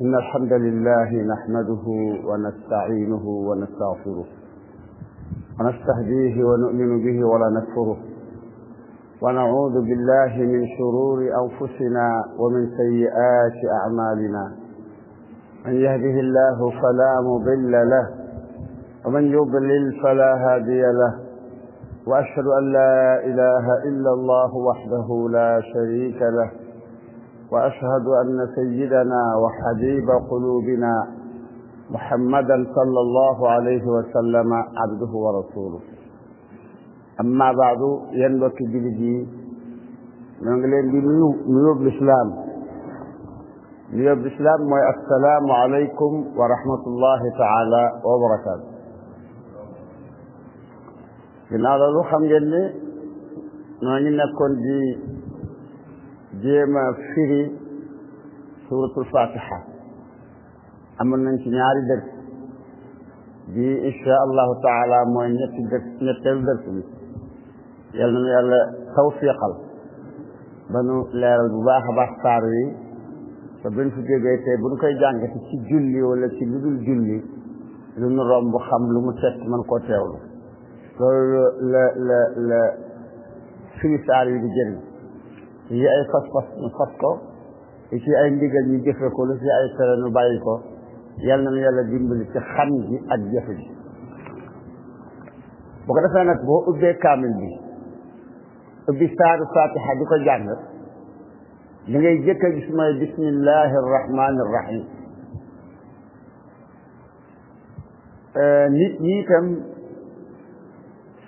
إن الحمد لله نحمده ونستعينه ونستغفره ونستهديه ونؤمن به ولا نكفره ونعوذ بالله من شرور أنفسنا ومن سيئات أعمالنا من يهده الله فلا مضل له ومن يضلل فلا هادي له وأشهد أن لا إله إلا الله وحده لا شريك له وأشهد أن سيدنا وحبيب قلوبنا محمدا صلى الله عليه وسلم عبده ورسوله أما بعد ينبك بلدي من غلين ميوب الإسلام ميوب الإسلام السلام عليكم ورحمة الله تعالى وبركاته من هذا الوحم جنة نعني نكون دي jéem a firi suratul fatiha amoon nañ ci ñaari dërs bi insha allahu taala mooy ñetti dërs ñetteelu dërs bi yal na yàlla tawfiqal ba nu leeral bu baax a baax saar wi te buñ fi jógee te buñ koy jàngati ci julli wala ci lu dul julli lu nu romb xam lu mu set man koo teewlu loolu la la la firi saar wi di jëriñ ci ay fas-fas ñu fas ko ci ay ndigal ñu jëfe ko lu ci ay tere ñu bàyyi ko yàlla na nu yàlla dimbali ci xam gi ak jëfe ji bu ko defee nag boo ubbee kaamil bi ubbi saaru fatiha di ko jàng li ngay jëkk a gis mooy bismillahi arrahmani arrahim nit ñi itam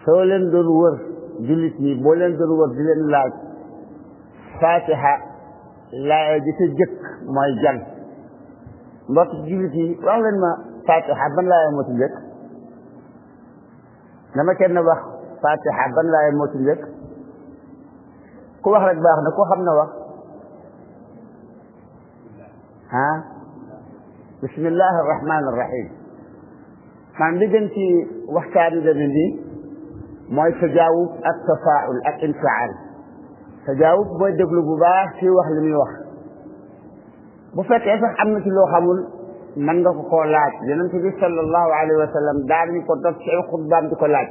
soo leen doon wër jullit ñi boo leen doon wër di leen laaj الفاتحة لا يجت جك ما يجن بس جيتي والله ما فاتحة بن لا يموت جك لما كنا بخ فاتحة بن لا يموت جك كل واحد بخ نكو هم نوا ها بسم الله الرحمن الرحيم كان بجنتي وحكاري لبندي ما يتجاوب التفاعل الانفعال tajaawub mooy déglu bu baax si wax li muy wax bu fekkee sax am na ci loo xamul man nga ko koo laaj yonent bi sallallahu alayhi wa sallam daal ni ko def ci xutbaam di ko laaj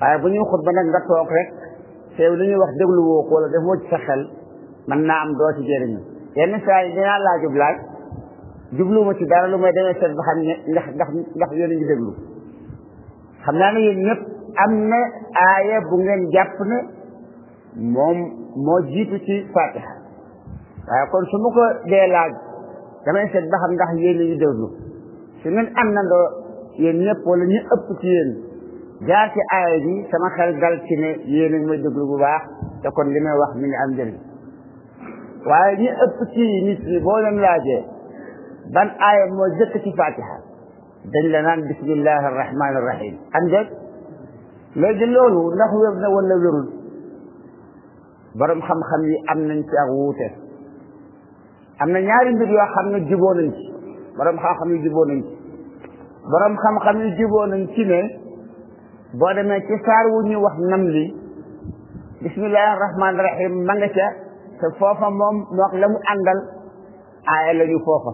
waaye bu ñuy xutba nag nga toog rek teew li ñuy wax déglu woo ko wala defoo ci sa xel mën naa am doo ci jëriñu yenn saa yi dinaa laajub laaj jubluuma ah. ci dara lu may demee seet ba xam ne ndax ndax ndax yéen a ngi xam naa ne yéen ñëpp am na aaya bu ngeen jàpp ne moom moo jiitu ci fatiha waaye kon su ma ko dee laaj damay seet ba xam ndax yéen ñu déglu su am na ndoo yéen ñëpp walla ñu ëpp ci yéen jaar ci aaya bi sama xel dal ci ne yéen a ngi may déglu bu baax kon li may wax mi am njëriñ waaye ñu ëpp ci ñi boo leen ban aaya moo jëkk ci fatiha dañ la naan bismillahi arrahmani arrahim am dég léegi loolu ndax wér na wala wérul borom xam-xam yi am nañ ci ak wuute am na ñaari mbir yoo xam ne juboo nañ ci borom xam-xam yi juboo nañ ci borom xam-xam yi juboo nañ ci ne boo demee ci saar wu ñu wax nam li bismillahi rahmaani rahim ma nga ca te foofa moom mook la mu àndal aaya la ñu foofa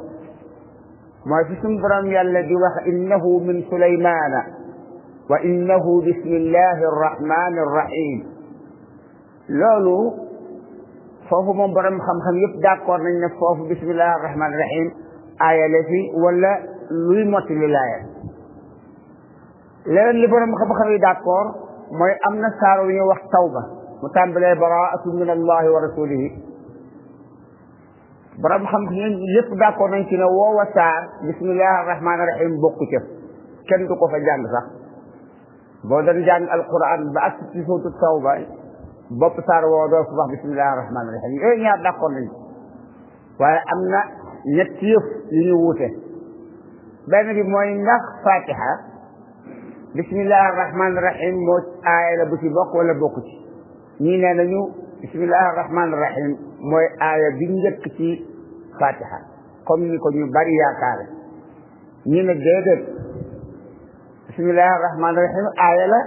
mooy fi suñ borom yàlla di wax innahu min sulaymana wa innahu bismillahi arrahmani arrahim loolu foofu moom borom xam-xam yëpp d'accord nañ ne foofu bisimilah rahmaani rahim aayale fi wala luy motti li laaya li borom xam-xam yi d'accord mooy am na saar wu ñuy wax tawba mu tàmbalee baraatu min allahi wa rasulihi borom xam-xam yëpp d'accord nañ ci ne woowa saar bisimilah rahmaani rahim bokku kenn du fa jàng sax boo doon jàng alquran ba ak ci suutu tawba bopp saar woo doo ko wax bisimillahi rahmaani rahim yooyu ñaar d'accord nañ waaye am na ñetti yëf ñu wuute benn bi mooy ndax fatiha bisimillahi rahmaani rahim moo aaya la bu ci bokk wala bokku ñii nee nañu bisimillahi rahmaani rahim mooy aaya bi njëkk ci fatiha ko ñu bari yaakaare ñi ne déedéet bisimillahi rahmaani rahim aaya la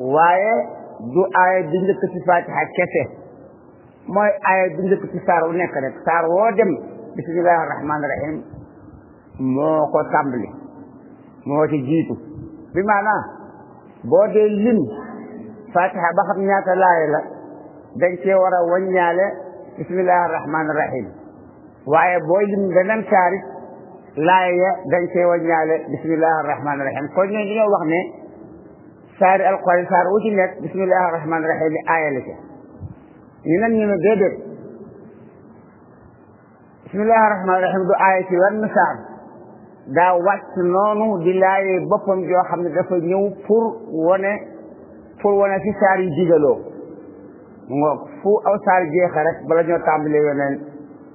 waaye du aaya bi njëkk ci fatiha kese mooy aaya bi njëkk saar wu nekk rek saar woo dem bismillahi rahmaani rahim moo ko tàmbali moo ci jiitu bi maanaa boo dee lim fatiha ba ñaata laay la dañ cee war a waññaale bismillahi rahmaani rahim waaye booy lim beneen saar it laay ya dañ cee waññaale bismillahi rahmaani rahim kon ñooñu dañoo wax ne saari alxuraan saar wu ci nekk bismillahi rahmaani rahiim aaya la ca ñu nan ne déedéet bismillahi rahmaani rahiim du aaya ci wenn saar daa wàcc noonu di laayee boppam joo xam ne dafa ñëw pour wane pour wane fi saar yi digaloo mu fu aw saar jeexe rek bala ñoo tàmbalee yeneen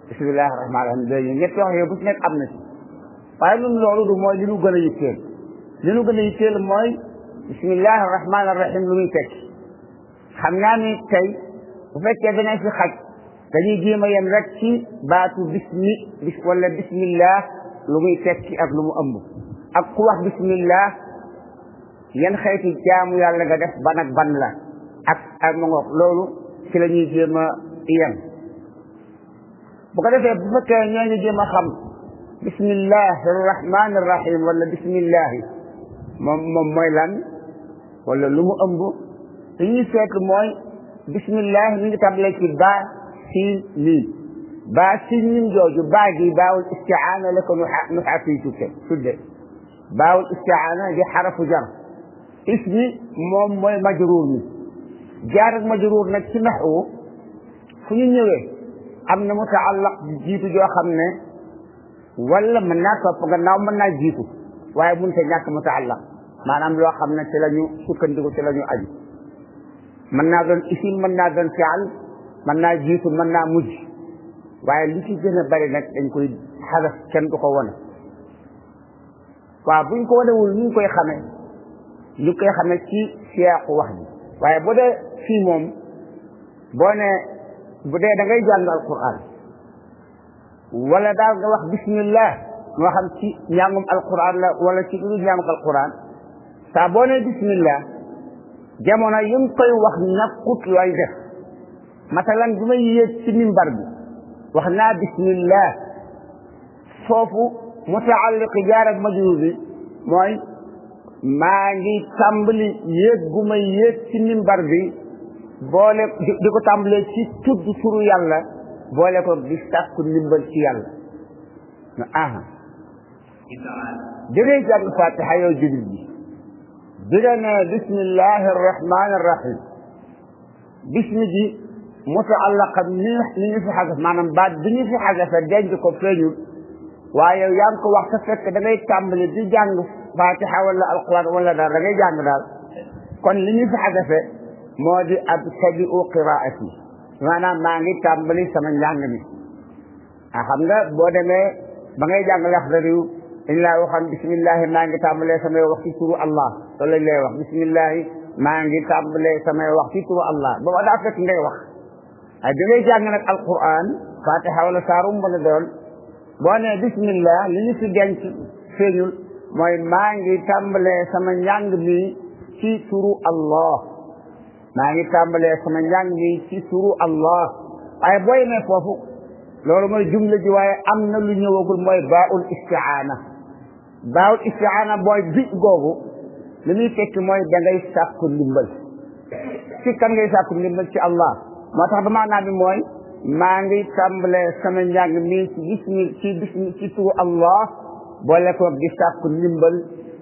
bismillahi rahmaani rahiim day ñëw ñett wax yooyu nekk am na ci waaye ñun loolu du mooy li ñu gën a yitteel li ñu gën a yitteel mooy bisimillahi rahmaani rahim lu muy tekki xam naa ni tey bu fekkee danañ fi xaj dañuy jéem a yem rek ci baatu bismi bis bismillah lu muy tekki ak lu mu ëmb ak ku bismillah yan xeeti jaamu yàlla nga def ban ak la ak ak ma ngoog loolu ci la ñuy jéem a yem bu ko defee moom mooy lan wala lu mu ëmb li ñuy seetlu mooy bismillah mi ngi tàmbalee ci baa siin miim baa siin miim jooju baa gi baawul istiaana la ko nu xafiy tukke tudde baawul istiaana di xarafu jar ismi moom mooy majruur mi jaar ak majruur nag ci naxwu fu ñu ñëwee am na mutaallaq di jiitu joo xam ne wala mën naa topp gannaaw mën naa jiitu waaye mënta ñàkk mutaallaq maanaam loo xam na ci la ñu sukkandiku ci la ñu mën naa doon isim mën naa doon fial mën naa jiitu man naa mujj waaye li ci gën a bari nag dañ koy xadaf kenn du ko wane waaw buñ ko wanewul ñu ngi koy xame ñu koy xame ci siyaaqu wax bi waaye bu dee fii moom boo ne bu dee dangay ngay jàng alquran wala daal nga wax bismillah moo xam ci njàngum alquran la wala ci lu njàngum alquran saa boo nee bismillah jamono yi nga koy wax nakkut looy def matalan bi may yéeg ci mimbar bi wax naa bismillah foofu mutaalliq jaar ak majruur bi mooy maa ngi tàmbali yéeg gu may yéeg ci mimbar bi boole di ko tàmbalee ci tudd turu yàlla boole ko di sàkku ndimbal ci yàlla na aha jógee jàng fatiha yow jullit bi بدنا بسم الله الرحمن الرحيم بسم دي متعلق من في حاجة معنى بعد بني في حاجة فدين دي كفينيو وايا ويانك وقت فك دا غي تعمل دي جانج فاتحة ولا القرآن ولا دا دا جانج دا كون لني في حاجة في مودي أبتدئ قراءتي معنى ما غي تعمل سمن جانج دي أحمد بودة مي بغي جانج لأخذ ريو إلا وخم بسم الله ما عند تام الله سمي وقت سورة الله صلى الله عليه بسم الله ما عند تام الله سمي وقت سورة الله بوا دافع سمي وقت أدري جانا القرآن فاتحة ولا سارم ولا دول بوانا بسم الله ليس جانس سيول ما عند تام الله سمي يعند بي في سورة الله ما عند تام الله سمي يعند بي في سورة الله أي بوينا فوق لولا ما جملة جواي أمن اللي نيوغل ما يباع الاستعانة baawul istiaana mooy bi googu li muy tekki mooy da ngay ndimbal ci kan ngay sàkku ndimbal ci Allah moo tax ba maanaa bi mooy maa ngi tàmbale sama njàng mii ci bismi ci bismi ci turu Allah boole ko di sàkku ndimbal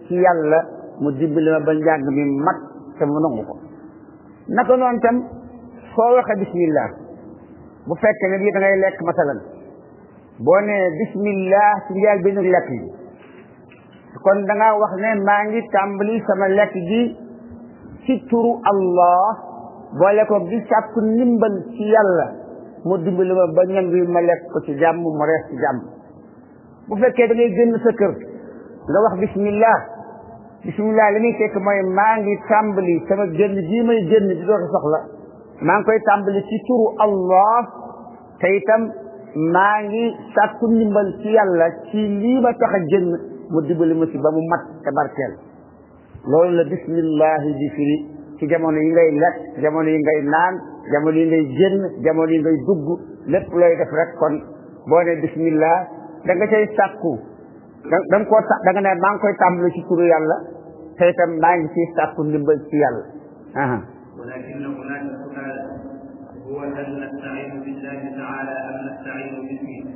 ci yàlla mu dimbali ma ba njàng mi mat te mu nangu ko naka noonu tam foo waxee bismillah bu fekkee ne lii da lekk masalan boo nee bismillah ci njaal bi ñu lekk yi kon da wax ne maa ngi tàmbali sama lekk gi ci turu allah boole ko di sàkku ndimbal ci yàlla mu dimbali ma ba ñam ma lekk ci jàmm mu rees ci jàmm bu fekkee da ngay génn sa kër nga wax bismillah bismillah li muy fekk mooy maa ngi tàmbali sama génn gii may génn di doon soxla maa ngi koy tàmbali ci turu allah te itam maa ngi sàkku ndimbal ci yàlla ci lii ma tax a mu dimbali ma ci ba mu mat te barkeel loolu la bismillahi di firi ci jamono yi ngay lekk jamono yi ngay naan jamono yi ngay génn jamono yi ngay dugg lépp looy def rekk kon boo ne bismillah da nga cay sàkku da nga koo sa da nga ne maa ngi koy tàmbali ci turu yàlla te itam maa ngi ciy sàkku ndimbal ci yàlla aa walakin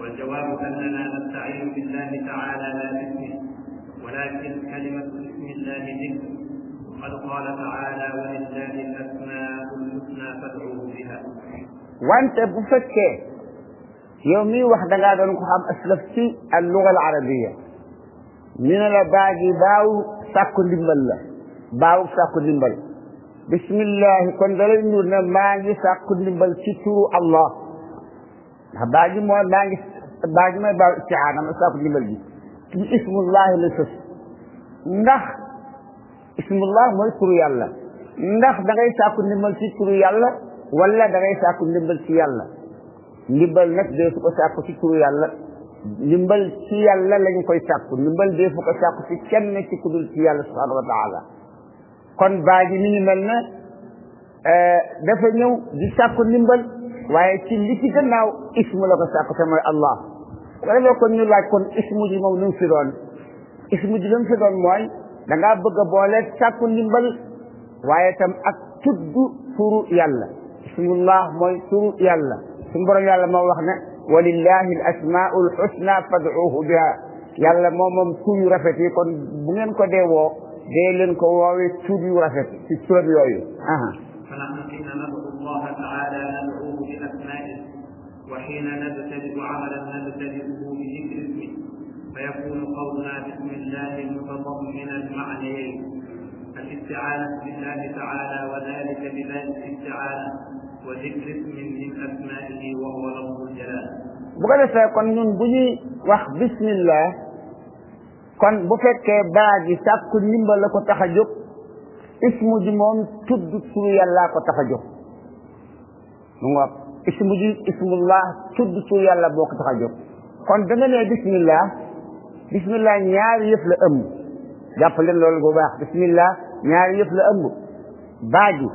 والجواب أننا نستعين بالله تعالى لا باسمه ولكن كلمة اسم الله ذكر وقد قال تعالى ولله الأسماء الحسنى فادعوه بها وأنت بفكر يومي واحدة قاعدة نقول أسلفتي اللغة العربية من الباقي باو ساكو دمبلا باو ساكو دمبل بسم الله كن نورنا ماجي ساكو دمبل تتو الله ndax baa gi moo baa ngi ci gi mooy baa istiaana ma saaku ndimbal gi ci ismullahi la sës ndax ismullah mooy turu yàlla ndax da ngay sàkku ndimbal ci turu yàlla wala da ngay sàkku ndimbal ci yàlla ndimbal nag dee su ko sàkku ci turu yàlla ndimbal ci yàlla lañ koy sàkku ndimbal dee fu ko sàkku ci kenn ci kudul ci yàlla subhanahu wa taala kon baa mi ngi mel ne eh, ñëw di sàkku ndimbal waaye ci li ci gannaaw ismu la ko sàkk te mooy allah wala boo kon ñu laaj kon ismu ji moom lu mu fi doon ismu ji lu mu fi doon mooy da ngaa bëgg a boole sàkku ndimbal waaye tam ak tudd turu yàlla ismullah mooy turu yàlla suñu borom yàlla moo wax ne walillahi al asmaau al xusna fadcuuhu biha yàlla moo moom tur yu rafet yi kon bu ngeen ko dee woo dee leen ko woowee tur yu rafet ci tur yooyu aha فنحن حين ندعو الله تعالى ندعو وحين نبتدئ عملا نبتدئه بذكر اسمه فيكون قولنا بسم الله متضمنا معنيين الاستعانة بالله تعالى وذلك بذات الاستعانة وذكر اسم من أسمائه وهو لفظ الجلال bu ko defee kon ñun bu ñuy wax bismillah kon bu fekkee baa gi sàkku ndimbal la ko tax a jóg ismu ji moom tudd turu yàllaa ko tax a jóg mu ngoog ismu ji ismullah tudd tur yàlla boo ko tax a kon da nga ne bismillah bismillah ñaari yëf la ëmb bu baax bismillah ñaari yëf la ëmb baaji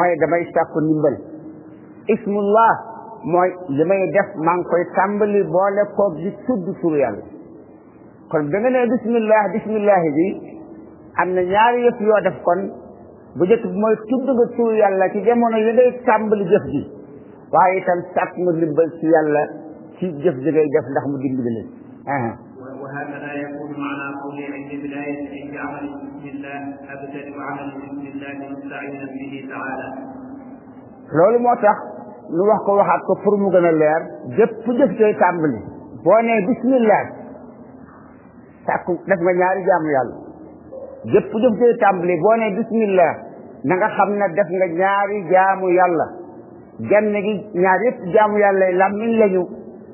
mooy damay sàkku ndimbal ismullah mooy li may def maa ngi koy tàmbali boole koog di tudd tur yàlla kon da nga bismillah bismillah bi am na ñaari yëf yoo def kon bu njëkk bi mooy tudd nga tur yàlla ci jamono yi ngay tàmbali jëf ji waaye itam sàkk nga ndimbal ci yàlla ci jëf ji ngay def ndax mu dimbali leen. وهكذا يكون معنى قولي عند بداية عند عمل بسم الله أبتدئ عمل بسم الله مستعينا به تعالى. loolu moo tax nu wax ko waxaat ko pour mu gën a leer jëpp jëf jooy tàmbali boo nee bismillah sàkku def nga ñaari jaamu yàlla jëpp jëf jooy tàmbali boo nee bismillah na nga xam ne def nga ñaari jaamu yàlla. genn gi ñaar yëpp jaamu yàlla làmmiñ lañu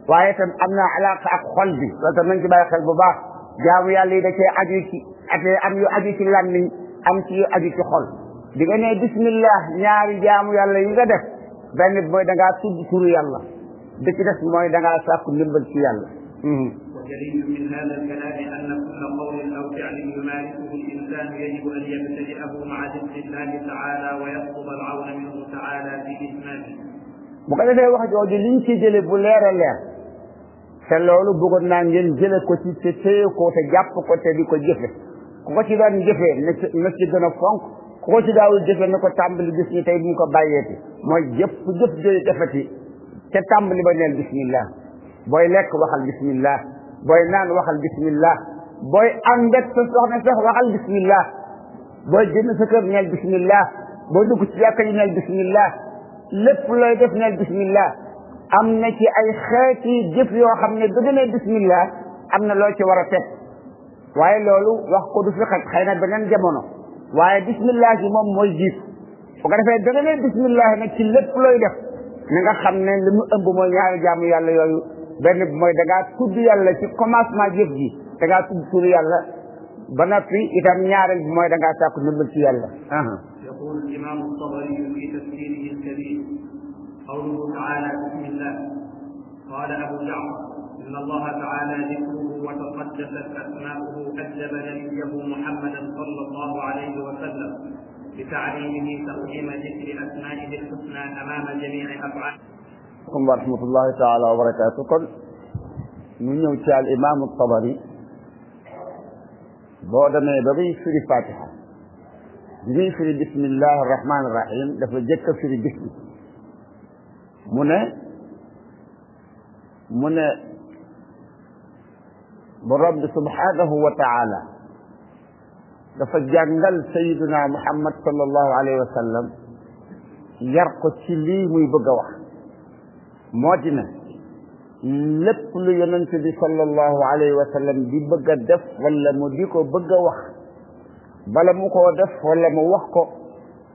waaye tam am na alaaka ak xol bi loolu tam nañ ci bàyyi xel bu baax jaamu yàlla yi da cee aju ci ak am yu aju ci làmmiñ am ci yu aju ci xol di nga ne bismillah ñaari jaamu yàlla yi nga def benn bi mooy da ngaa tudd turu yàlla bi ci des mooy da ngaa sàkku ndimbal ci yàlla ودليل من هذا الكلام أن كل قول أو فعل يمارسه الإنسان يجب أن يبتدئه مع ذكر الله تعالى ويطلب العون منه bu ko defee wax jooju liñ ci jële bu leer leer te loolu bëggoon naa ngeen jële ko ci te ko te jàpp ko te di ko jëfe ku ko ci daan na ci gën a fonk ko ci daawul jëfee na ko tàmbali gis ñi tey bu ñu ko bàyyeeti mooy jëpp jëf jële defati te tàmbali ba neel bismillah booy lekk waxal bismillah booy naan waxal bismillah booy ànd ak sa soxna sax waxal bismillah booy génn sa kër neel bismillah boo dugg ci yàkka yi neel bismillah lépp looy def neel bismillah am na ci ay xeeti jëf yoo xam ne du demee bismillah am na loo ci war a teg waaye loolu wax ko du fi xaj xëy na beneen jamono waaye bismillah yi moom mooy jiit bu ko defee da nga ne bismillah nag ci lépp looy def na nga xam ne li mu ëmb mooy ñaari jaamu yàlla yooyu benn bi mooy da ngaa tudd yàlla ci commencement jëf ji da ngaa tudd turu yàlla ba noppi itam ñaareel bi mooy da ngaa sàkku ci yàlla يقول الإمام الطبري في تفسيره الكبير قوله تعالى بسم الله قال أبو جعفر إن الله تعالى ذكره وتقدست أسماؤه أجلب نبيه محمدا صلى الله عليه وسلم بتعليمه تقديم ذكر أسمائه الحسنى أمام جميع أفعاله. ورحمة الله تعالى وبركاته قل من يوتي الإمام الطبري بعد ما يبغي في الفاتحة ذكر بسم الله الرحمن الرحيم دا فا جيك في بسم من من برب سبحانه وتعالى دا فا سيدنا محمد صلى الله عليه وسلم يرقو شي لي موي بوغا واخ موجينا صلى الله عليه وسلم دي بوغا ديف ولا مو ديكو بوغا bala mu ko def walla mu wax ko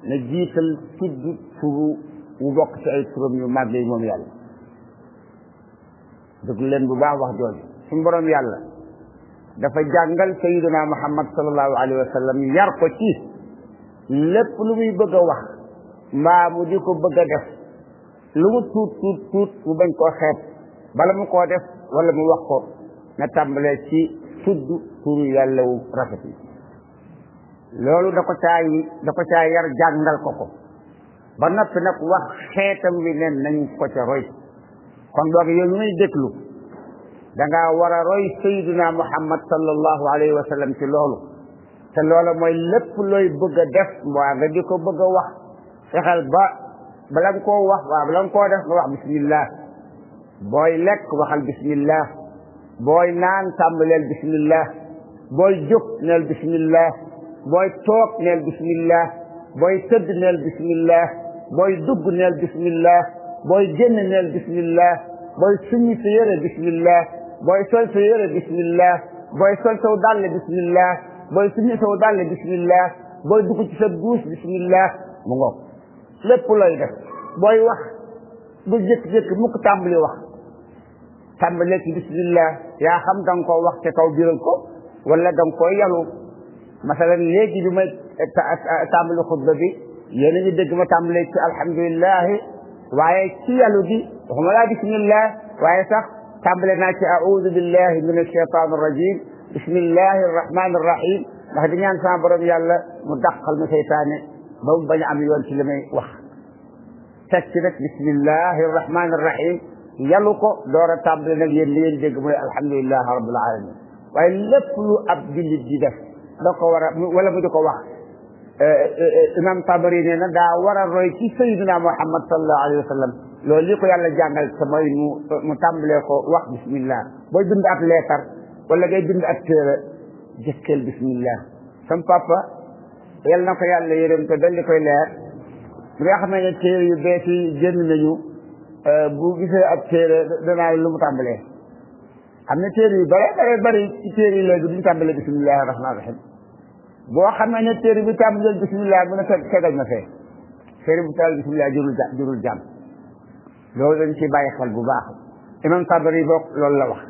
na jiital tudd turu wu bokk ci ay turam yu màgg yi moom yàlla déglu leen bu baax wax jooju suñu borom yàlla dafa jàngal sayiduna muhammad sallallahu alayhi wa yar ko ci lépp lu muy bëgg a wax mbaa mu di ko bëgg a def lu mu tuut tuut mu bañ koo xeeb bala mu koo def wala mu wax ko na tàmbalee ci tudd turu yàlla wu rafet yi loolu da ko caay da caa yar jàngal ko ko ba noppi nag wax xeetam wi ne nañ ko ca roy kon boog yow ñu may déglu da ngaa war a roy sayyiduna muhammad sallallahu alayhi wa sallam ci loolu te loola mooy lépp looy bëgg a def waa nga di ko bëgg a wax fexeel ba bala nga wax waa bala nga koo def nga wax bismillah booy lekk waxal bismillah booy naan tàmbaleel bismillah booy jóg neel bismillah booy toog neel bismillah booy tëdd neel bismillah booy dugg neel bismillah booy génn neel bismillah booy suññi sa yére bismillah booy sol sa yére bismillah booy sol saw dàll bismillah booy suññi saw dàll bismillah booy dugg ci sa duus bismillah mu ngoog lépp looy def booy wax bu jëkk-jëkk mukk tàmbali wax tàmbalee bismillah yaa xam da nga wax te kaw biral ko wala da nga koo مثلا ليجي جمع تعمل خطبة بي يلي دي جمع تعمل ايكي الحمد لله وعي كي يلو دي هم لا بسم الله وعي سخ تعمل ايكي أعوذ بالله من الشيطان الرجيم بسم الله الرحمن الرحيم ما هدنيا نسان برم يلا مدخل مسيطان بوم بني عمي وان سلمي وخ تكتبت بسم الله الرحمن الرحيم يلوكو دور تعمل ايكي الحمد لله رب العالمين وإن لفلو أبدل الدفت da ko war a wala mu di ko wax eh, eh, eh, imam Tabari na daa war a roy ci sayyidina Muhammad sallallahu alayhi loolu li ko yàlla jàngal te mu mu ko wax bismillah booy bind ab leetar wala ngay bind ab téere jëkkeel bismillah sam papa na ko yàlla yërëm te koy leer bi nga xam ne téere yu bees yi génn nañu bu gisee ab téere danaa lu mu tàmbalee am na téere yu bare bare bari ci téere yi léegi duñu tàmbalee bisimilahi rahmaani rahim boo xam ne ne téere bu tàmbalee bisimilah bu ne fekk tegal na fee téere bu tàmbalee bisimilah jurul ja jurul ci bàyyi xel bu baax imam Tabari boog lool la wax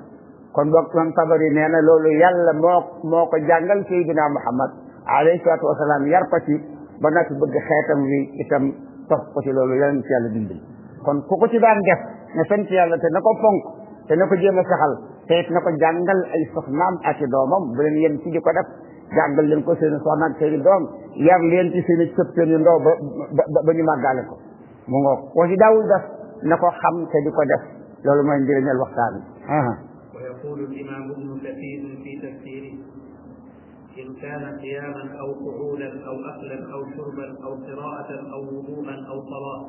kon boog imam Tabari nee na loolu yàlla moo moo ko jàngal Seydina Muhammad alayhi salaatu wasalaam yar ko ci ba nag bëgg xeetam wi itam topp ko ci loolu yàlla ci yàlla dimbali kon ku ko ci daan def na sant yàlla te na ko fonk te ko jéem saxal te it na ko jàngal ay soxnaam ak i doomam bu leen yem ci di ko def jàngal leen ko seen i soxna ak seen i doom yar leen ci seen i sëpteen yu ndaw ba ba ñu màggaale ko mu ngoog ko ci daawul def na ko xam te di ko def loolu mooy njëriñal waxtaan bi ويقول الإمام ابن كثير في تفسيره إن كان قياما أو قعودا أو أكلا أو شربا أو قراءة أو وضوءا أو صلاة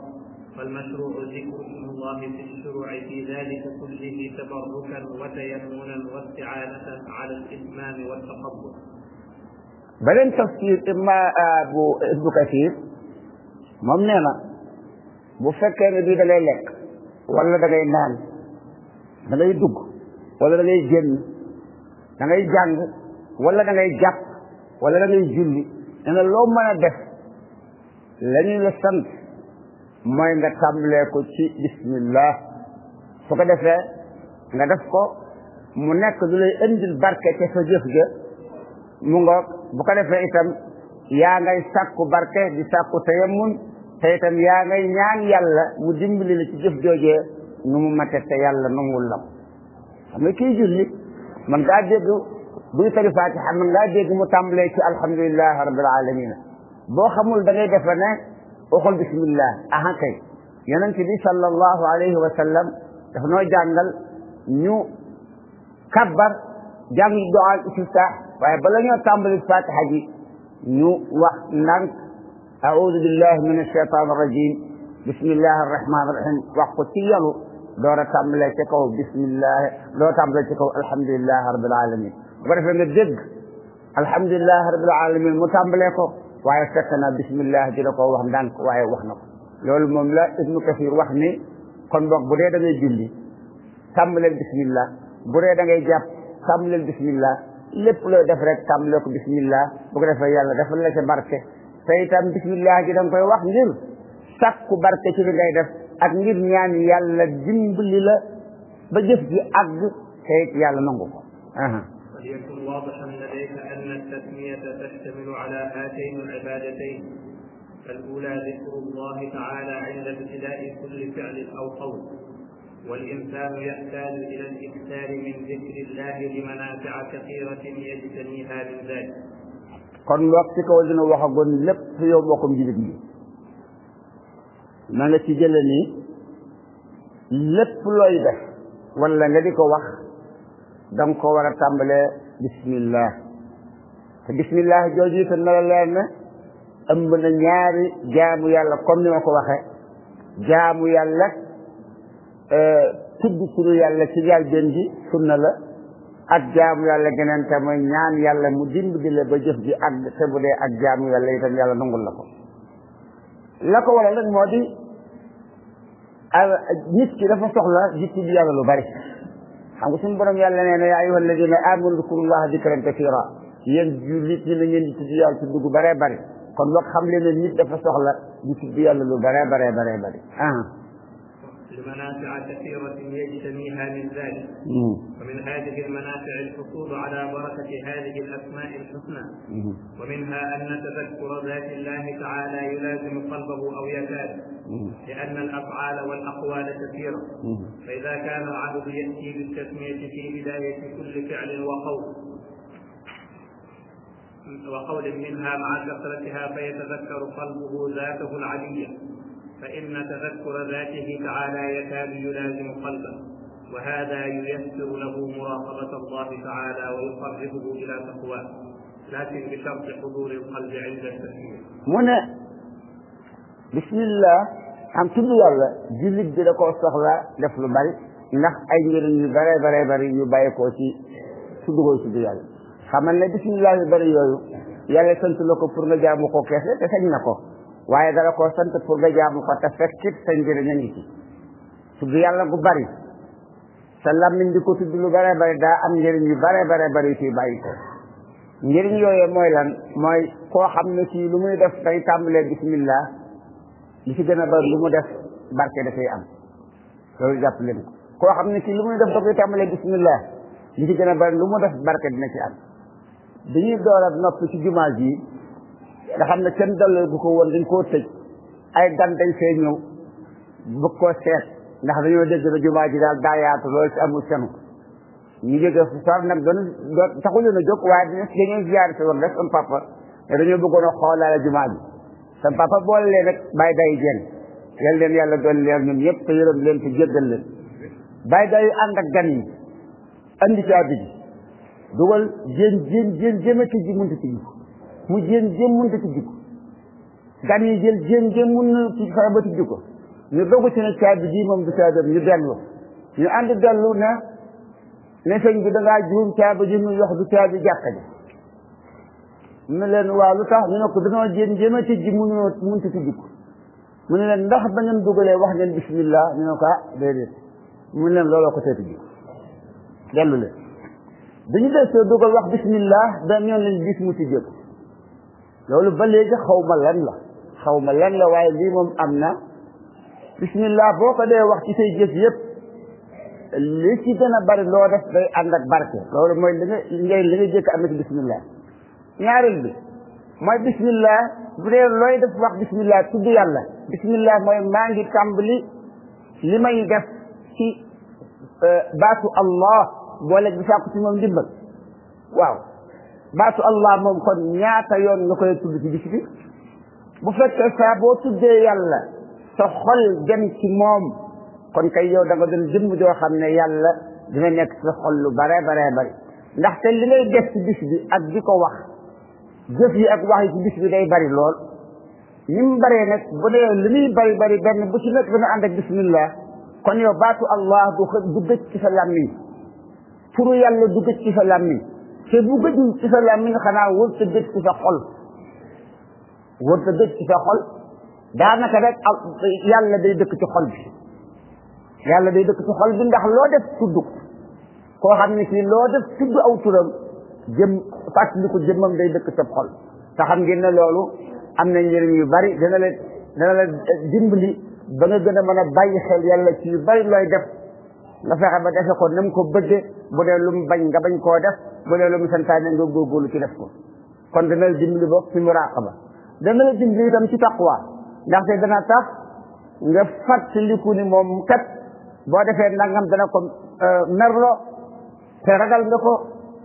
فالمشروع ذكر اسم الله في الشروع في ذلك كله تبركا وتيمنا واستعانة على الإتمام والتقبل. بلن تفسير إما أبو ابن كثير ممنونة بو فكان دي دالي لك ولا دالي نان دالي دوغ ولا دالي جن دالي جانغ ولا دالي جاب ولا دالي جولي انا لو مانا ديف لاني لا سانت mooy nga tàmbalee ko ci bismillah su ko defee nga def ko mu nekk lu lay indil barke ca sa jëf ga mu ngoog bu ko defee itam yaa ngay sàkku barke di sàkku tayammun te itam yaa ngay ñaan yàlla mu dimbali la ci jëf joojee nu mu mate te yàlla nangul la ko xam nga kii julli man ngaa dégg buy tari fatiha man ngaa dégg mu tàmbalee ci alhamdulilah rabbil alamin boo xamul da defe ne وقل بسم الله أهانك ينانك بي صلى الله عليه وسلم نحنو جانجل نيو كبر جامي دعاء الإفتاح ويبلغنا تامل الفاتحة دي نيو وقنان أعوذ بالله من الشيطان الرجيم بسم الله الرحمن الرحيم وقتيلو دورة تامل تكو بسم الله دورة تامل تكو الحمد لله رب العالمين ورفن الدق الحمد لله رب العالمين متامل تكو waaye fekk na bismillah dina koo wax ndànk waaye wax na ko loolu moom la ibnu kasir wax ni kon boog bu dee da ngay julli tàmbaleel bismillah bu dee da ngay jàpp tàmbaleel bismillah lépp looy def rek tàmbalee ko bismillah bu ko defee yàlla dafa la ca barke te itam bismillah ji da nga koy wax ngir sàkku barke ci li ngay def ak ngir ñaan yàlla dimbali la ba jëf ji àgg te yàlla nangu ko التسمية تشتمل على هاتين العبادتين فالأولى ذكر الله تعالى عند ابتداء كل فعل أو قول والإنسان يحتاج إلى الإكثار من ذكر الله لمنافع كثيرة يجتنيها من ذلك kon wax ci kaw dina wax agon lépp yow mbokkum julit yi na nga ci jële ni lépp looy def wala nga wax ko bismillah te bismillah jooju itam na la leer ne ëmb na ñaari jaamu yàlla comme ni ma ko waxe jaamu yàlla e, tudd turu yàlla ci njëlbéen ji sunna la ak jaamu yàlla geneen te ñaan yàlla mu dimbali la ba jëf gi àgg te bu dee ak jaamu yàlla itam yàlla nangul la ko la ko waral rek moo di nit ki dafa soxla di tudd yàlla lu bari xam nga suñu borom yàlla nee na yaa ayyuha alladina amanu dkurullaha dikran kasira yéen jullit ñi na ngeen di tudd yàlla ci gu bare bare kon loo xam leen ne nit dafa soxla di tudd yàlla lu bare bare bare bare ah المنافع كثيرة يجتنيها من ذلك hmm. ومن هذه المنافع الحصول على بركة هذه الأسماء الحسنى hmm. ومنها أن تذكر ذات الله تعالى يلازم قلبه أو يكاد hmm. لأن الأفعال والأقوال كثيرة فإذا كان العبد يأتي بالتسمية في بداية كل فعل وقول وقول منها مع كثرتها فيتذكر قلبه ذاته العلية فإن تذكر ذاته تعالى يكاد يلازم قلبه وهذا ييسر له مراقبة الله تعالى ويقربه إلى تقواه لكن بشرط حضور القلب عند التسليم هنا بسم الله xam tudd yàlla jullit bi da koo soxla def lu bari ndax ay njëriñ yu bare bare bari yu ci tudd yàlla xamal ne bisimilah yu bari yooyu yàlla sant la ko pour nga jaamu ko keese te sañ na ko waaye dala koo sant pour nga jaamu ko te fekkit sa njëriñ a ngi ci tudd yàlla gu bari sa làmmiñ di ko tudd lu bare bari daa am njëriñ yu bare bare bari si bàyyi ko njëriñ yooyu mooy lan mooy koo xam ne kii lu muy def day tàmbalee bismillah li ci gën a bari lu mu def barke dafay am loolu jàpp leen ko koo xam ne si lu muy def da koy tàmbalee bismillah gën a bari lu mu def barke dina bi ñuy door noppi ci jumaa ji nga xam ne kenn dalal gu ko woon dañ koo tëj ay gan dañ fee ñëw bëgg seet ndax dañoo dégg na jumaa ji daal daa yaatu loolu ci amul senu ñu jóge fu sar nag doon doon taxuñu na jóg waaye dañu dañoo ziyaar si woon rek sama papa te dañoo bëggoon a xoolaale jumaa ji sama papa boole leen rek bàyyi dayi jéen yal leen yàlla doon leen ñun ñëpp te leen te jéggal leen bàyyi dayi ànd gan yi andi ci ji dogal jeen jeen jeen jeema ci tijji mënta ci jikko mu jeen jéem mënta ci jikko gan yi jël jéem jéem mun na tijji fexe ba tijji ko ñu dogu ci na caad bi mom du caabam ñu dellu ñu ànd dellu na ne sëñ bi da nga joom caabi ji muy wax du caabi jàkka ji mu leen wa lu tax ñu ne ko dañoo jéem jéem a tijji mënoo mënta tijji ko mu ne leen ndax ba ngeen dugalee wax ngeen bismillah ñu ne ko ah mu ne leen looloo ko tee tijji dellu leen dañu del see dugal wax bismillah benn yoon gis mu ci jëpp loolu ba léegi xaw lan la xaw ma lan la waaye lii moom am na bismillah boo ko dee wax ci say jëf yëpp li ci gën bari loo def day ànd ak barke loolu mooy li nga jëkk amee ci bismillah bi mooy bismillah bu dee looy def wax bismillah tudd yàlla bismillah mooy maa ngi tàmbali li may def ci euh, baatu allah boole di sàkku ci moom ndimbal waaw baatu allah moom kon ñaata yoon nga koy tudd ci bis bi bu fekkee saa boo tuddee yàlla sa xol dem ci moom kon kay yow da nga doon jëmm joo xam ne yàlla dina nekk sa xol lu bare bare bari ndaxte li ngay def ci bis bi ak di ko wax jëf yi ak wax yi ci bis bi day bari lool ni mu baree nag bu dee li muy bari bari benn bu ci nekk dana ànd ak bismillah kon yow baatu allah du du dëj ci sa làmmiñ pour yàlla du gëj ci sa làmmiñ te bu gëjul ci sa làmmiñ xanaa wër ta gëj ci sa xol wër ta gëj ci sa xol daanaka rek ak yàlla day dëkk ci xol bi yàlla day dëkk ci xol bi ndax loo def tudd koo xam ne kii loo def tudd aw turam jëm fàttali ko jëmmam day dëkk sa xol te xam ngeen ne loolu am na njëriñ yu bari dana la dana la dimbali ba nga gën a mën a xel yàlla ci yu bari looy def nga fexe ba defe ko na mu ko bëgge bu dee lu mu bañ nga bañ koo def bu dee lu mu santaane nga góorgóorlu ci def ko kon dana la dimbali bokk ci muraqaba dana la dimbali itam ci taqwa ndaxte dana tax nga fàttaliku ni moom boo defee nangam dana ko euh, merlo te ragal nga ko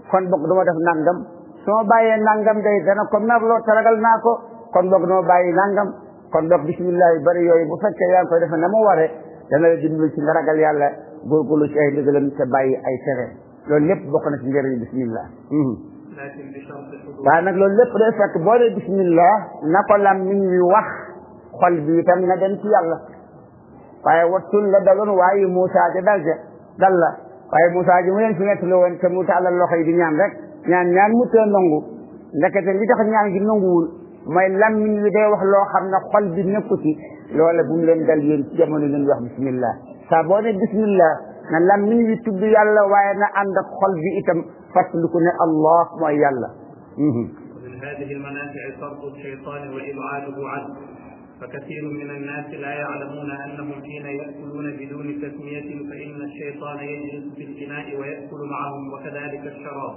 kon bokk duma def nangam su ma bàyyee nangam day dana ko merlo te ragal naa ko kon bokk duma bàyyi nangam kon bokk bisimilah yu bari yooyu bu fekkee yaa ngi koy defe na mu waree dana la dimbali ci nga ragal yàlla góorgóorlu ci ay ndigalam te bàyyi ay tere loolu lépp bokk na ci njëriñ bismillah hmm. waaye nag loolu lépp day fekk boo dee bismillah na ko lam miñ wi wax xol bi itam na dem ci yàlla waaye wattul la daloon waaye Moussa ca dal ja dal la waaye Moussa ji mu leen fi nettali woon te mu tàllal loxo yi di ñaan rek ñaan ñaan mu tee nangu ndekete li tax ñaan gi nanguwul mooy lammiñ wi day wax loo xam ne xol bi nekku ci loola bu mu leen dal yéen ci jamono ngeen wax bismillah saa boo ne bismillah na lammiñ wi tudd yàlla waaye na ànd ak xol bi itam ne allah mooy yàlla mhm. ومن هذه المنافع صرف الشيطان وإبعاده عنه فكثير من الناس لا يعلمون أنهم حين يأكلون بدون تسمية فإن الشيطان يجلس في الإناء ويأكل معهم وكذلك الشراب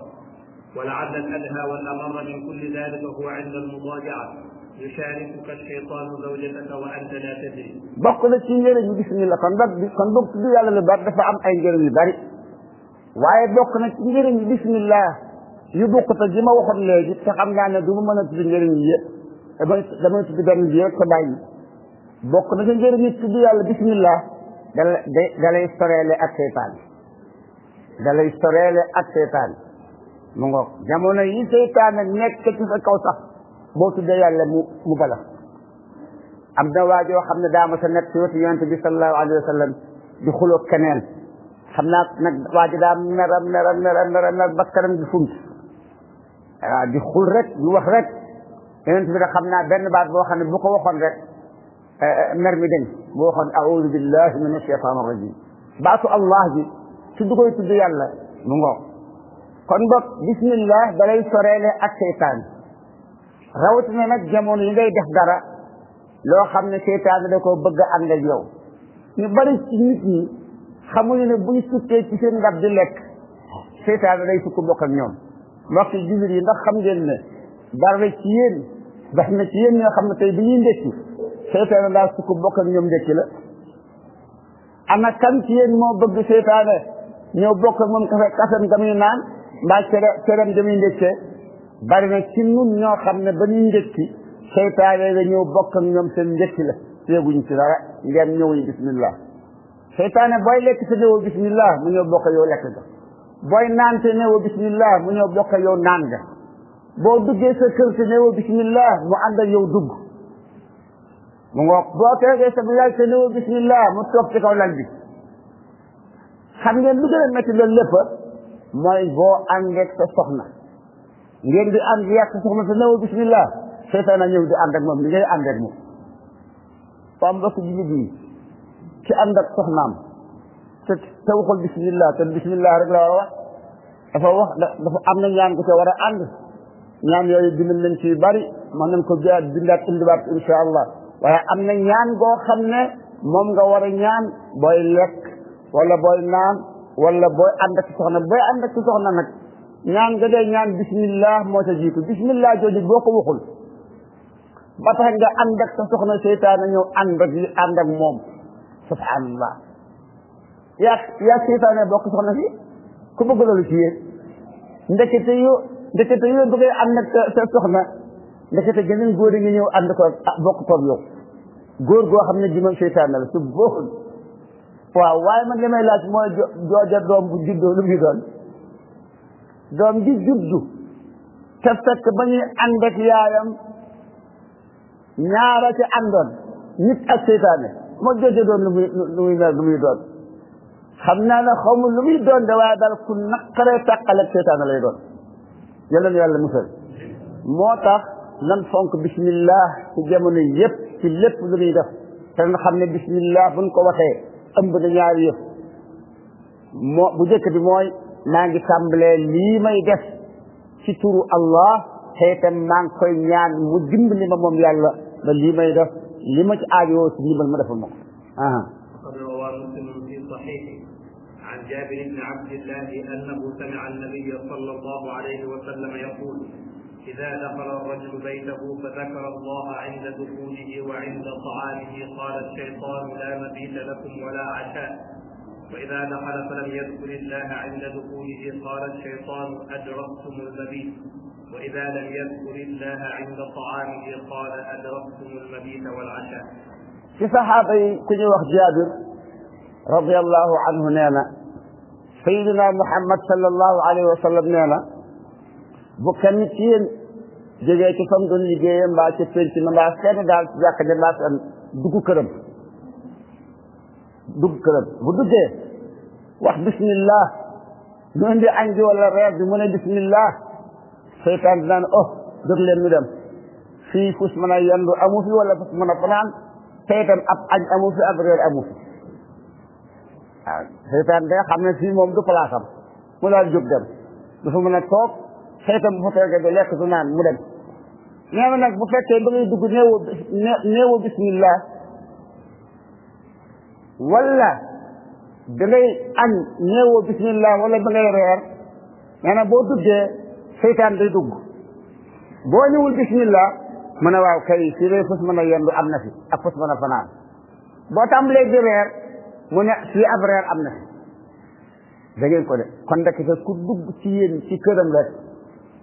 ولعل الأدهى والأمر من كل ذلك هو عند المضاجعة يشاركك الشيطان زوجتك وأنت لا تدري bokk na ci njëriñ yi bismillah kon baat bi kon yàlla lu bari dafa am ay njëriñ yu bari waaye bokk na ci njëriñ yi bismillah yu bokkut ak yi ma waxoon léegi te xam naa ne du ma mën a tudd njëriñ yi yëpp damay damay tudd benn bi rek na ci njëriñ yi tudd yàlla bismillah dala dalay ak seytaan dalay soreele ak seytaan mu ngoog jamono yi seytaan nekk ci sa kaw sax bo tudde yàlla mu bala am da waa joo xam ne ma sa nekk ci wati yantu bi sallallahu alayhi wasallam di xuloo keneen xamna nak nag da meram meram meram meram nak bakkaram di fum waaw di xul rek di wax rek yantu bi da xamna ben baat bo xam bu ko waxon rek mer mi den bo waxon a'udhu billahi minash shaitanir arrajim baatu allah bi ci du koy tudd yàlla mu ngoo kon bok bismillah balay sorele ak seytaan rawatina nag jamono yi ngay def dara loo xam ne seytaane da koo bëgg a ànd ak yow ñu bari ci nit ñi xamuñu ne buñ sukkee ci seen ndab di lekk seytaane day sukk bokk ak ñoom mbokk yi yi ndax xam ngeen ne dara la ci yéen xam ne tey bi ñuy ndekki bokk ak ñoom ndekki la ana kan ci yéen moo bëgg seytaane ñëw bokk ak moom kafe kasam gamuy naan mbaa cere cerem gamuy ndekkee bari na ci nun ñoo xam ne ba ñuy njëkki seytaane la ñëw bokk ak ñoom seen njëkki la seeguñ ci dara ngeen ñëwuñ bismillah seytaane booy lekk te newoo bismillah mu ñëw bokk yow naan mu ñëw bokk naan ga boo duggee sa kër te newoo bismillah mu ànd ak yow dugg mu ngoog boo toogee sa lal te newoo bismillah mu toog ci kaw lal bi xam ngeen lu gën a métti loolu lépp mooy boo àndeeg sa soxna ngeen di ànd yàq soxna te nawa bismillah seytaan a ñëw di ànd ak moom li ngay ànd ak moom waa mbokk jullit yi ci ànd ak soxnaam te te waxul bismillah te bismillah rek la war a wax dafa wax dafa am na ñaan ko ca war a ñaan yooyu dinañ leen ci bari mën nañ ko jaat bindaat indiwaat insha allah waaye am na ñaan goo xam ne moom nga war a ñaan booy lekk wala booy naan wala booy ànd ak soxna booy nag ñaan nga dee ñaan bismillah moo ca jiitu bismillah jooju boo ko waxul ba tax nga ànd sa soxna seytaane ñëw ànd ak ànd moom subhanallah yaa yaa seytaane bokk soxna si ku bëgg loolu ci yéen ndekete yo ndekete yo bëggee ànd sa soxna ndekete geneen góor a ngi ñëw ànd ko ah, bokk koog yow góor goo xam ne ji moom seytaane la su bokkul waaw waaye man li may laaj mooy jooja doom bu juddoo lu muy doon doom ji juddu te fekk ba ñuy ak yaayam ñaara ci àndoon nit ak seytaane moo jojo doon lu muy doon xam naa ne xawma lu muy doon de waaye daal ku naqaree tàqale ak seytaane lay doon yàlla na musal moo tax nan fonk bismillah ci jamono yépp ci lépp lu muy xam ne bismillah buñ ko waxee ëmb na ñaari bu njëkk bi mooy nangi tambale li may def ci turu allah te itam koy ñaan mu dimbali ma mom yàlla ba li may def li ma ci aajo ci ndimbal ma defal ma ko مسلم في صحيحه عن جابر بن عبد الله انه سمع النبي صلى الله عليه وسلم يقول اذا دخل الرجل بيته فذكر الله عند دخوله وعند طعامه قال الشيطان لا مبيت لكم ولا عشاء وإذا دخل فلم يذكر الله عند دخوله قال الشيطان أدركتم المبيت وإذا لم يذكر الله عند طعامه قال أدركتم المبيت والعشاء في صحابي تجي وقت جابر رضي الله عنه نعمة سيدنا محمد صلى الله عليه وسلم نعمة بكنتين تين jógee ci fam doon liggéeyam mbaa ci penc ma mbaa fenn daal ci jàkk ja mbaa fenn dugg wax bismillah ñu indi añ bi wala reer bi mu ne bismillah seytaan di naan oh dëg leen ñu dem fii fus mën a yendu amu fi wala fus mën a fanaan seytaan ab añ amu fi ab reer amu fi waaw seytaan day xam ne fii moom du place am mu daal jóg dem dafa mën a toog seytaan bu fa toogee du lekk du naan mu dem nee na nag bu fekkee da ngay dugg néewo néewo bismillah wala da ngay añ ñeewoo bismillah wala da ngay reer nee boo duggee seytaan day dugg boo ñëwul bismillah mën na waaw kay fii day fas mën a yendu am na fi ak fas mën a fanaan boo tàmbalee di reer mu ne fii ab reer am na fi da ko de kon ndekk ka ku dugg ci yéen ci këram rek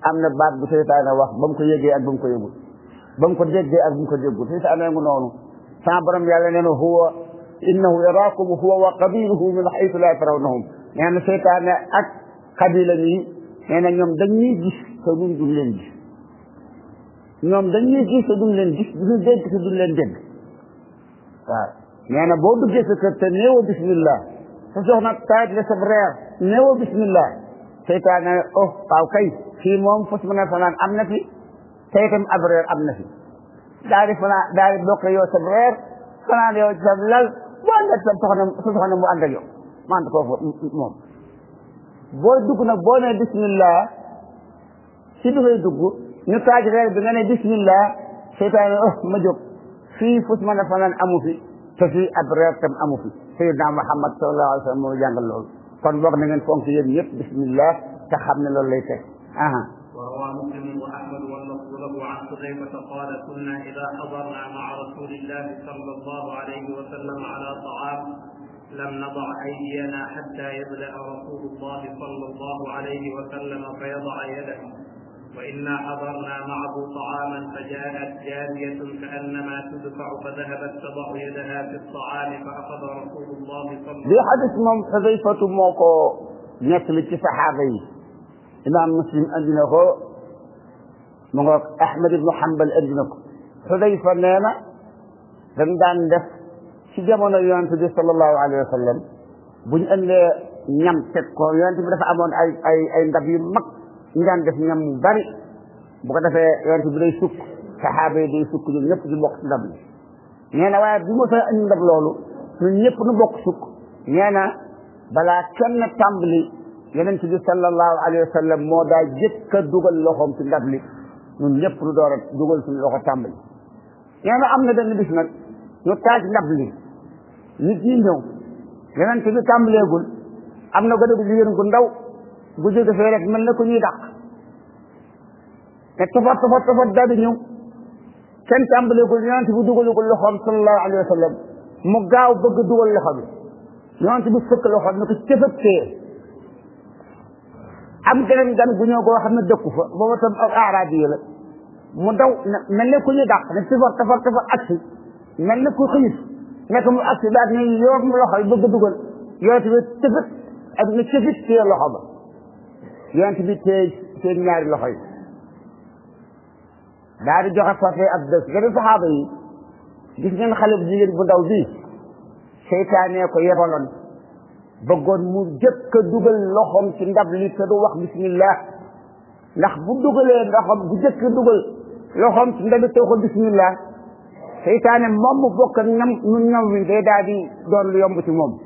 am na baat bu seytaane wax ba mu ko yëgee ak ba mu ko yëgul ba mu ko déggee ak ba mu ko déggul seytaane ngu noonu sama borom yàlla nee na إنه يراكم هو وقبيله من حيث لا ترونهم يعني سيطان أك قبيلني يعني يوم دني جس تدون دون لن جس يوم دني جس تدون لن جس دون دين تدون لن دين يعني بود جس تتنيو بسم الله فسوحنا تايد لسبرا نيو بسم الله سيطان أوه قاوكي في موم فسمنا فنان أمنتي سيطان أبرير أمنتي داري فنا داري بوكي يوسف غير فنا ليو جبلل boo ànd ak sa koo moom booy dugg nag boo nee bismillah si bi ngay dugg ñu taaj reer bi nga ne bismillah seytaane oh ma jóg fii fu mën a fanaan amu fi te fii ab reer tam amu fi sayyidina Muhammad sallallahu alayhi wa sallam moo jàngal loolu kon boog na ngeen fonk yéen ñëpp bismillah te xam ne loolu lay حذيفة قال كنا إذا حضرنا مع رسول الله صلى الله عليه وسلم على طعام لم نضع أيدينا حتى يبدأ رسول الله صلى الله عليه وسلم فيضع يده وإنا حضرنا معه طعاما فجاءت جارية كأنما تدفع فذهبت تضع يدها في الطعام فأخذ رسول الله صلى الله عليه وسلم حديث من حذيفة موقع نسل التسحابي إمام مسلم أدنه ma ahmad ibnu Hanbal indi na ko Xudayfa nee na dañ daan def ci jamono yonent bi sallallahu alayhi wa sallam buñ indee ñam teg ko yonent bi dafa amoon ay ay ay ndab yu mag ñu daan def ñam yu bari bu ko defee yonent bi day sukk saxaaba yi day sukk ñun ñëpp di bokk ci ndab li nee na waaye bi ma sa indi ndab loolu ñun ñëpp nu bokk sukk nee na balaa kenn tàmbali yonent bi sallallahu alayhi wa sallam moo daa jëkk a dugal loxoom ci ndab li ñun ñëpp lu door a dugal suñu loxo tàmbali nee na am na benn bis nag ñu taaj ndab li nit ñi ñëw yeneen bi tàmbaleegul am na gone gu jigéen gu ndaw gu jóge fee rek mel na ku ñuy dàq te tofat tofat tofat daal di ñëw kenn tàmbaleegul yonent bi dugalagul loxoom sallallahu alayhi wa sallam mu gaaw bëgg dugal loxo bi yonent na fëkk loxoom ne ko cëfëb tee am geneen gan gu ñëw koo xam ne dëkku fa booba tam ak la mu daw mel ne ku ñu dàq ne tëfar tëfar tëfar agsi mel ne ku xiif nekk mu agsi daal ne yoob loxo yi bëgg dugal yonent bi tëfit ak ne tëfit téye loxo ba yonent bi téye téye ñaari loxo yi daal di joxe côté ab dës gëri saxaaba yi gis ngeen xale bu jigéen bu ndaw bii seytaane ko yebaloon bëggoon mu jëkk a dugal loxoom ci ndab li te du wax bismillah ndax bu dugalee loxoom bu jëkk a loxoom su ndagg tëw ko bismillah seytaane moom mu bokk ak ñam ñun ñam wi day daal di doon lu yomb ci moom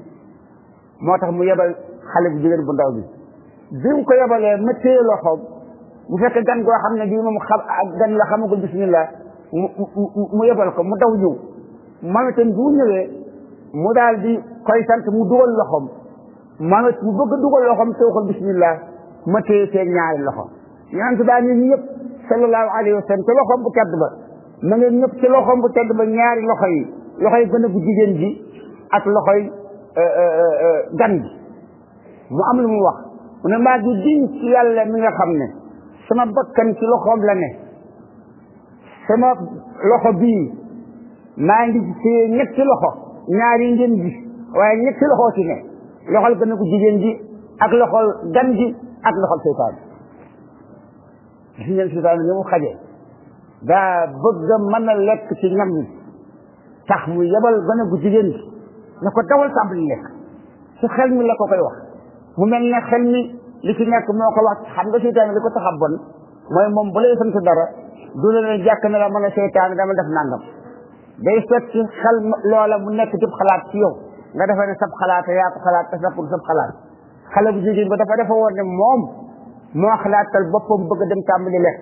moo tax mu yebal xale bu jigéen bu ndaw bi bi ko yebalee ma téye loxoom bu fekkee gan goo xam ne bii moom xam gan la xamagul bismillah mu mu yebal ko mu daw ñëw moom itam bu ñëwee mu daal di koy sant mu dugal loxoom moom it mu bëgg dugal loxoom tëw ko bismillah ma téye seen ñaari loxo ñaan su daa nit ñëpp sallallahu alayhi wa sallam ci bu tedd ba na nga nëpp ci loxoom bu tedd ba ñaari loxo yi loxo yi gën a bu jigéen ji ak loxoy euh, euh, euh, gan bi mu am lu mu wax mu ne maa ngi diñ ci yàlla mi nga xam ne sama bakkan ci loxoom la ne sama loxo bii maa ngi ci ñetti loxo ñaari ngeen ji waaye ñetti loxo ci ne loxol gën a bu jigéen ji ak loxol gan ji ak loxol seytaan gis ngeen seytaane ni mu xajee daa bëgg a a lekk ci ñam yi tax mu yebal gone gu jigéen bi ne ko dawal tàmbali lekk su xel mi la ko koy wax mu mel ne xel mi li ci nekk moo ko wax xam nga seytaane li ko tax a bon mooy moom bu lay sant dara du la ne jàkk ne la mën a seytaane dama def nangam day fekk xel loola mu nekk ci xalaat ci yow nga defee ne sab xalaat yaa ko xalaat te nekkul sab xalaat xale bu ba dafa defa woon ne moom moo xalaatal boppam bëgg a dem tàmbali lekk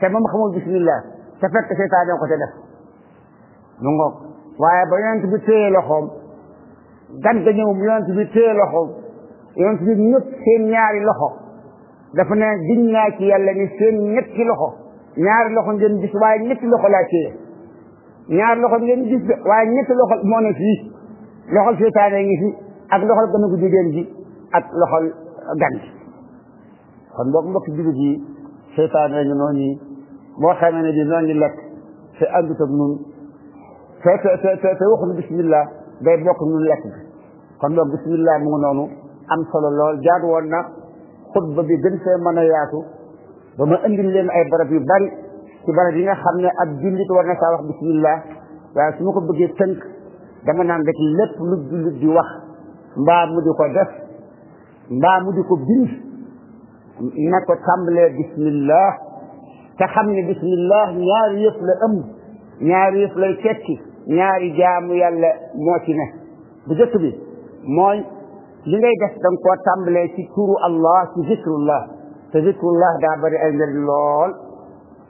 te moom xamul bismillah te fekk seytaane ko te def mu ngoog waaye ba yonent bi téye loxoom gan ga ñëw bi téye loxoom yonent bi ñëpp seen ñaari loxo dafa ne giñ naa ci yàlla ni seen ñetti loxo ñaari loxo ngeen gis waaye ñetti loxo laa téye ñaari loxo ngeen gis waaye ñetti loxo moo ne fii loxol seytaane ngi fi ak loxol gën ak loxol kon boog mbokk jullit yi seytaane noonu ñi boo xamee ne bi noo ngi lekk te àndut ak nun te te te te waxuñu bismillah day bokk nun lekk bi kon boog bismillah mu ngi noonu am solo lool jaadu woon na xutba bi gën fee mën a yaatu ba ma indi leen ay barab yu bari ci barab yi nga xam ne ab jullit war na saa wax bismillah waaye su ma ko bëggee tënk dama naan rek lépp lu jullit di wax mbaa mu di ko def mbaa mu di ko bind na ko tàmbalee bismillah te xam ne bismillah ñaari yëf la ëmb ñaari yëf lay tekki ñaari jaamu yàlla moo ci ne bu jëkk bi mooy li ngay def da nga koo tàmbalee ci turu allah ci zikrullah te zikrullah daa bari ay njëriñ lool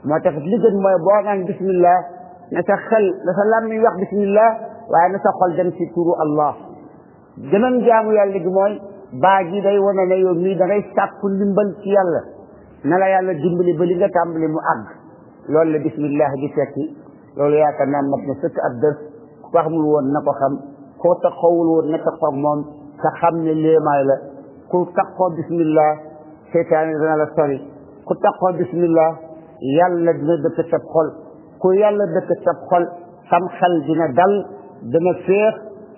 moo tax li gën mooy boo naan bismillah na sa xel na sa làmmiñ wax bismillah waaye na sa xol dem ci turu allah gënoon jaamu yàlla gi mooy baaji day wane ne yow mii da ngay sàkku ndimbal ci yàlla na la yàlla dimbali ba li nga tàmbali mu àgg loolu la bismillah di tekki loolu yaakaar naa mat ne sëkk ab dës ku xamul woon na ko xam koo taxawul woon na taxaw moom te xam ne léemaay la ku taxoo bismillah seytaane dana la sori ku taxoo bismillah yàlla dina dëkk sab xol ku yàlla dëkk sab xol sam xel dina dal dana féex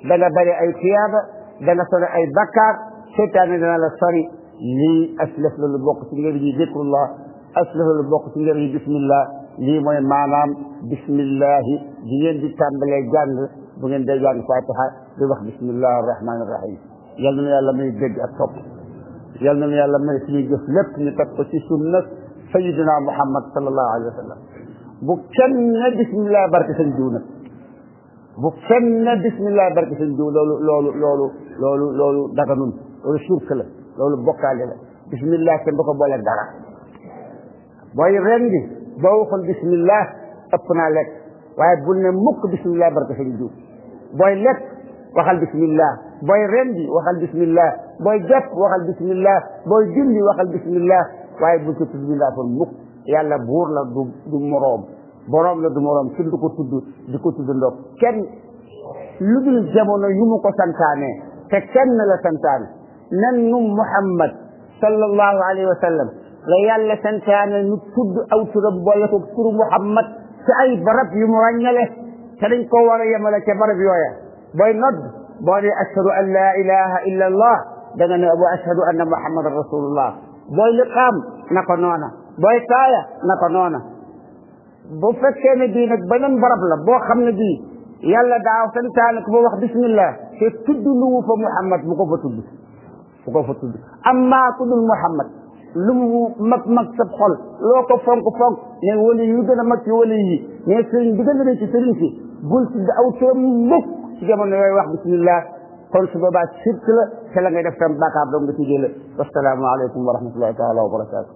dana bari ay tiyaaba dana sori ay bakkaar seytaane dana la sori lii aslaf la lu bokk ci ngër yi zikrullah aslaf la lu bokk ci ngër yi bismillah lii mooy maanaam bismillahi di ngeen di tàmbalee jàng bu ngeen day jàng fatiha di wax bismillahi arrahmani rahim yal na yàlla may dégg ak topp yal na yàlla may suñuy jëf lépp ñu teg ko ci sunna sayidina muhammad sallallahu alayhi wa sallam bu kenn bismillah barke sëñ diw nag bu kenn bismillah barke sëñ diw loolu loolu loolu loolu loolu daganul loolu shirk la loolu bokkaale la bismillah kenn du ko boole dara booy rendi boo waxul bismillah ëpp naa lekk waaye bul ne mukk bismillah barka sëñ Diouf booy lekk waxal bismillah booy rendi waxal bismillah booy jàpp waxal bismillah booy julli waxal bismillah waaye bul ko tudd laa kon mukk yàlla buur la du du moroom boroom la du moroom kenn du ko tudd di ko tudd ndox kenn lu dul jamono yu mu ko santaane te kenn la santaane ننم محمد صلى الله عليه وسلم ليال سنتان نتود أو تربو يتكتر محمد سأي برب يمرن له سلن كوار يملا كبرب يويا بوي ند بوي أشهد أن لا إله إلا الله دنا أبو أشهد أن محمد رسول الله بوي لقام نقنونا بوي سايا نقنونا bu fekkee ne dii nag beneen barab la boo xam ne dii yàlla daaw sentaane ko ba wax bismillah te tudd fu ko fa tudd amma ku dul Muhammad lu mu mag mag sab xol loo ko fonk fonk ne wali yu gën a mag ci wali yi ne sëriñ bi gën a rëy ci sëriñ si bul tudd aw turam mukk ci jamono yooyu wax bismillah kon su boobaa sirk la te la ngay def tam bàkkaar doom nga ci jële wasalaamu aleykum wa rahmatullahi taala wa